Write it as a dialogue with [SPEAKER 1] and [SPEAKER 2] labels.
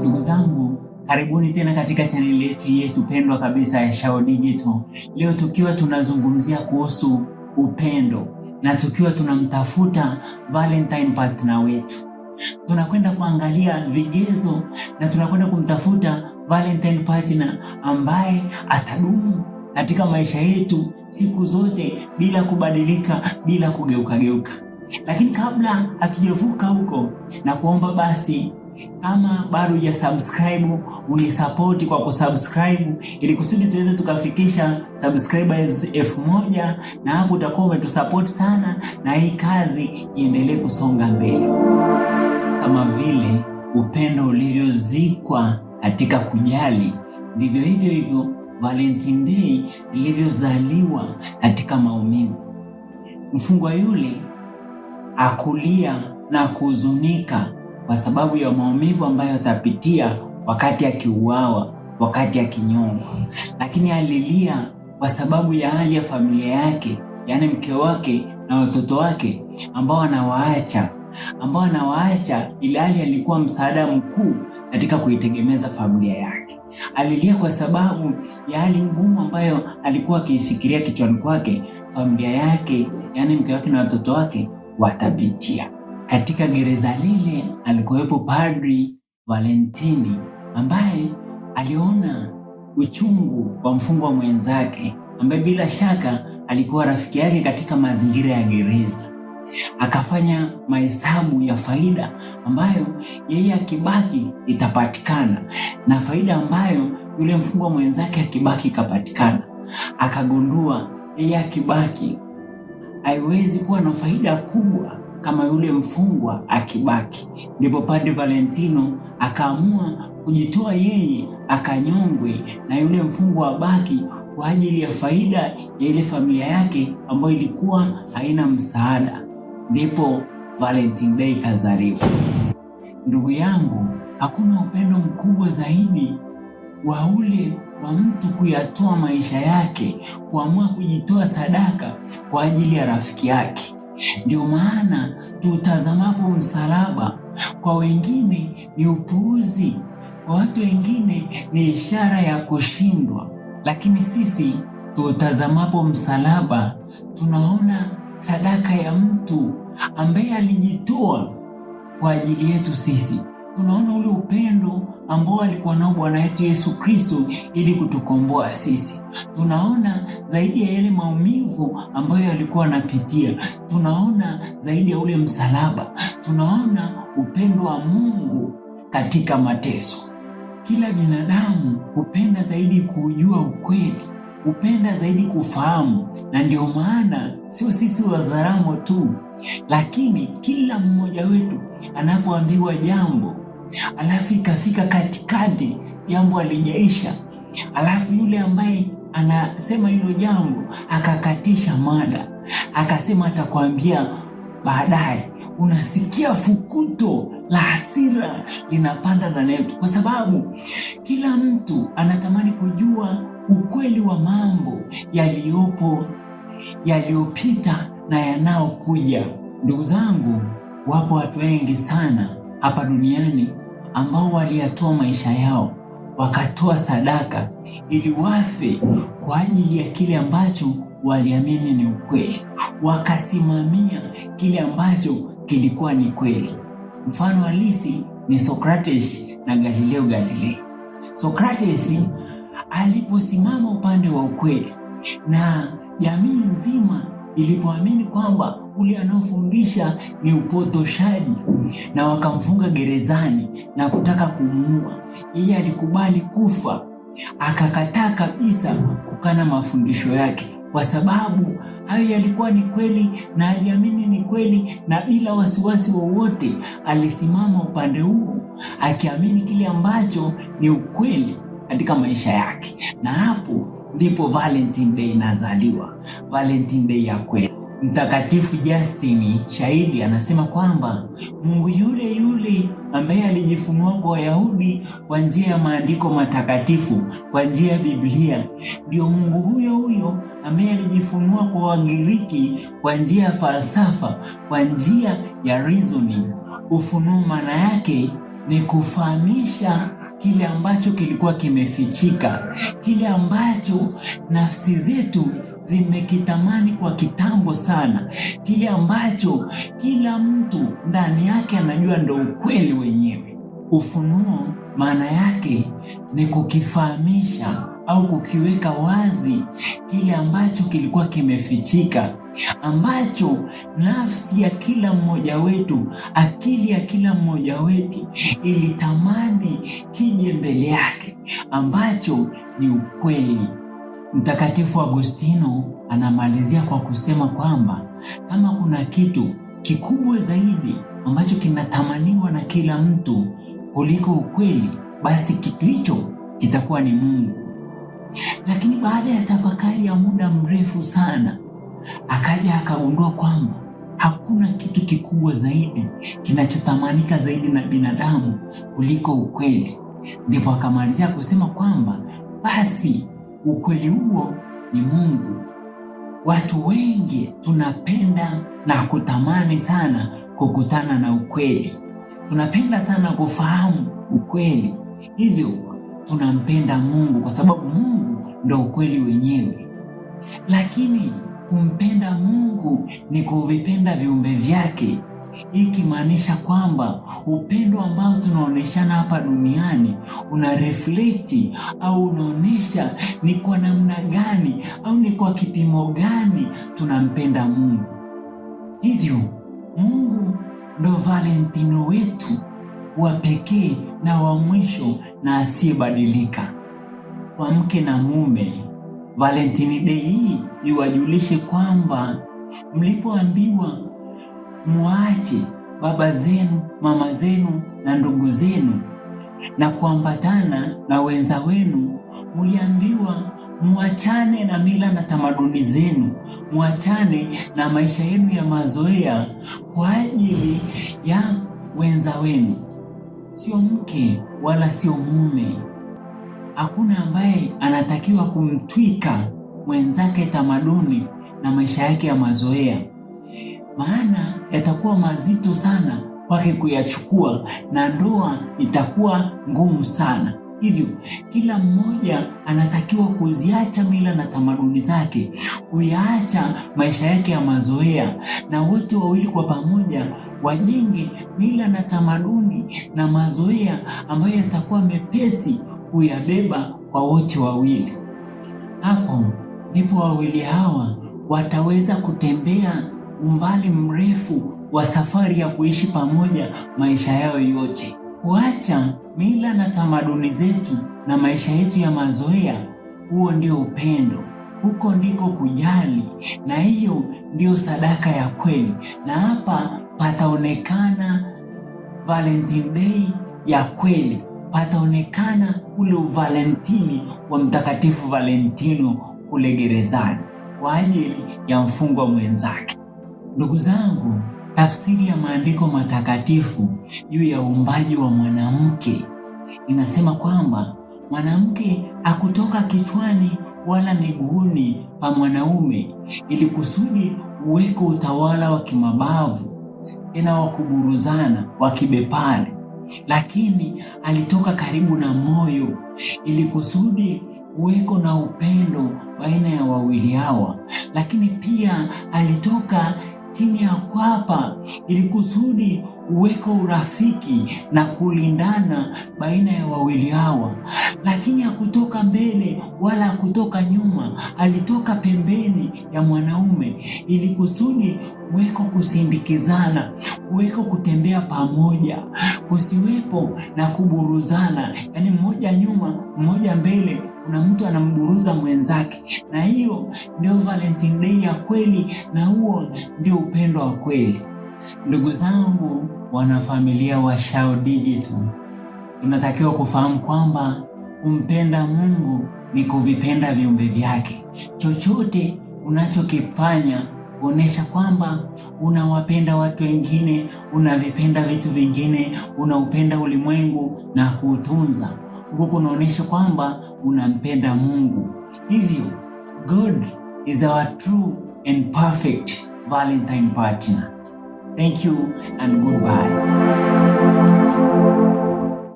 [SPEAKER 1] Ndugu zangu, karibuni tena katika chaneli yetu yetu pendwa kabisa ya Shao Digital. Leo tukiwa tunazungumzia kuhusu upendo na tukiwa tunamtafuta Valentine partner wetu, tunakwenda kuangalia vigezo na tunakwenda kumtafuta Valentine partner ambaye atadumu katika maisha yetu siku zote bila kubadilika, bila kugeukageuka. Lakini kabla hatujavuka huko, na kuomba basi kama bado subscribe unisapoti kwa kusubscribe ili kusudi tuweze tukafikisha subscribers elfu moja na hapo utakuwa umetusapoti sana, na hii kazi iendelee kusonga mbele, kama vile upendo ulivyozikwa katika kujali, ndivyo hivyo hivyo Valentine Day ilivyozaliwa katika maumivu. Mfungwa yule akulia na kuhuzunika kwa sababu ya maumivu ambayo atapitia wakati akiuawa, wakati akinyongwa. Lakini alilia kwa sababu ya hali ya familia yake, yaani mke wake na watoto wake ambao anawaacha, ambao anawaacha ili hali alikuwa msaada mkuu katika kuitegemeza familia yake. Alilia kwa sababu ya hali ngumu ambayo alikuwa akiifikiria kichwani kwake, familia yake, yaani mke wake na watoto wake watapitia. Katika gereza lile alikuwepo Padri Valentini ambaye aliona uchungu wa mfungwa mwenzake ambaye bila shaka alikuwa rafiki yake katika mazingira ya gereza. Akafanya mahesabu ya faida ambayo yeye akibaki itapatikana na faida ambayo yule mfungwa mwenzake akibaki ikapatikana. Akagundua yeye akibaki haiwezi kuwa na faida kubwa kama yule mfungwa akibaki. Ndipo Padre Valentino akaamua kujitoa yeye akanyongwe na yule mfungwa abaki kwa ajili ya faida ya ile familia yake ambayo ilikuwa haina msaada. Ndipo Valentine Day kazaliwa. Ndugu yangu, hakuna upendo mkubwa zaidi wa ule wa mtu kuyatoa maisha yake, kuamua kujitoa sadaka kwa ajili ya rafiki yake. Ndio maana tutazamapo msalaba, kwa wengine ni upuuzi, kwa watu wengine ni ishara ya kushindwa, lakini sisi tutazamapo msalaba tunaona sadaka ya mtu ambaye alijitoa kwa ajili yetu sisi. Tunaona ule upendo ambao alikuwa nao Bwana wetu Yesu Kristo ili kutukomboa sisi tunaona zaidi ya yale maumivu ambayo alikuwa anapitia, tunaona zaidi ya ule msalaba, tunaona upendo wa Mungu katika mateso. Kila binadamu hupenda zaidi kujua ukweli, hupenda zaidi kufahamu, na ndio maana sio sisi Wazaramo tu, lakini kila mmoja wetu anapoambiwa jambo alafu ikafika katikati, jambo alijaisha, alafu yule ambaye anasema hilo jambo, akakatisha mada, akasema atakwambia baadaye. Unasikia fukuto la hasira linapanda ndani yetu, kwa sababu kila mtu anatamani kujua ukweli wa mambo yaliyopo, yaliyopita na yanayokuja. Ndugu zangu, wapo watu wengi sana hapa duniani ambao waliyatoa maisha yao wakatoa sadaka ili wafe kwa ajili ya kile ambacho waliamini ni ukweli, wakasimamia kile ambacho kilikuwa ni kweli. Mfano halisi ni Sokrates na Galileo Galilei. Sokrates aliposimama upande wa ukweli na jamii nzima ilipoamini kwamba ule anaofundisha ni upotoshaji, na wakamfunga gerezani na kutaka kumuua yeye alikubali kufa, akakataa kabisa kukana mafundisho yake, kwa sababu hayo yalikuwa ni kweli na aliamini ni kweli, na bila wasiwasi wowote alisimama upande huo akiamini kile ambacho ni ukweli katika maisha yake, na hapo ndipo Valentine Day inazaliwa, Valentine Day ya kweli. Mtakatifu Justini shahidi anasema kwamba Mungu yule yule ambaye alijifunua kwa Wayahudi kwa njia ya maandiko matakatifu, kwa njia ya Biblia, ndio Mungu huyo huyo ambaye alijifunua kwa Wagiriki kwa njia ya falsafa, kwa njia ya reasoning. Ufunuo maana yake ni kufahamisha kile ambacho kilikuwa kimefichika, kile ambacho nafsi zetu zimekitamani kwa kitambo sana, kile ambacho kila mtu ndani yake anajua ndo ukweli wenyewe. Ufunuo maana yake ni kukifahamisha au kukiweka wazi kile ambacho kilikuwa kimefichika, ambacho nafsi ya kila mmoja wetu, akili ya kila mmoja wetu ilitamani kije mbele yake, ambacho ni ukweli Mtakatifu Agostino anamalizia kwa kusema kwamba kama kuna kitu kikubwa zaidi ambacho kinatamaniwa na kila mtu kuliko ukweli, basi kitu hicho kitakuwa ni Mungu. Lakini baada ya tafakari ya muda mrefu sana, akaja akagundua kwamba hakuna kitu kikubwa zaidi kinachotamanika zaidi na binadamu kuliko ukweli. Ndipo akamalizia kusema kwamba basi Ukweli huo ni Mungu. Watu wengi tunapenda na kutamani sana kukutana na ukweli, tunapenda sana kufahamu ukweli, hivyo tunampenda Mungu kwa sababu Mungu ndo ukweli wenyewe. Lakini kumpenda Mungu ni kuvipenda viumbe vyake hii ikimaanisha kwamba upendo ambao tunaonyeshana hapa duniani una reflect au unaonyesha ni kwa namna gani au ni kwa kipimo gani tunampenda Mungu. Hivyo Mungu ndo Valentino wetu wa pekee na wa mwisho na asiyebadilika. Kwa mke na mume, Valentini Day hii iwajulishe kwamba mlipoambiwa muache baba zenu, mama zenu na ndugu zenu na kuambatana na wenza wenu. Muliambiwa muachane na mila na tamaduni zenu, muachane na maisha yenu ya mazoea kwa ajili ya wenza wenu. Sio mke wala sio mume. Hakuna ambaye anatakiwa kumtwika mwenzake tamaduni na maisha yake ya mazoea maana yatakuwa mazito sana kwake kuyachukua na ndoa itakuwa ngumu sana. Hivyo kila mmoja anatakiwa kuziacha mila na tamaduni zake, kuyaacha maisha yake ya mazoea, na wote wawili kwa pamoja wajenge mila na tamaduni na mazoea ambayo yatakuwa mepesi kuyabeba kwa wote wawili. Hapo ndipo wawili hawa wataweza kutembea umbali mrefu wa safari ya kuishi pamoja maisha yao yote, kuacha mila na tamaduni zetu na maisha yetu ya mazoea. Huo ndio upendo, huko ndiko kujali, na hiyo ndio sadaka ya kweli. Na hapa pataonekana Valentine Day ya kweli, pataonekana ule uvalentini wa Mtakatifu Valentino kule gerezani kwa ajili ya mfungwa mwenzake. Ndugu zangu, tafsiri ya maandiko matakatifu juu ya uumbaji wa mwanamke inasema kwamba mwanamke hakutoka kichwani wala miguuni pa mwanaume, ili kusudi uweke utawala wa kimabavu tena wa kuburuzana wa kibepari, lakini alitoka karibu na moyo, ili kusudi uweko na upendo baina ya wawili hawa, lakini pia alitoka chini ya kwapa ili kusudi uweko urafiki na kulindana baina ya wawili hawa, lakini hakutoka mbele wala hakutoka nyuma, alitoka pembeni ya mwanaume ili kusudi kuweko kusindikizana, uweko kutembea pamoja, kusiwepo na kuburuzana, yaani mmoja nyuma mmoja mbele kuna mtu anamburuza mwenzake, na hiyo ndio Valentine Day ya kweli, na huo ndio upendo wa kweli. Ndugu zangu, wanafamilia wa Shao Digital, tunatakiwa kufahamu kwamba kumpenda Mungu ni kuvipenda viumbe vyake. Chochote unachokifanya kuonyesha kwamba unawapenda watu wengine, unavipenda vitu vingine, unaupenda ulimwengu na kuutunza ulikuwa unaonyesha kwamba unampenda Mungu. Hivyo God is our true and perfect Valentine partner. Thank you and goodbye.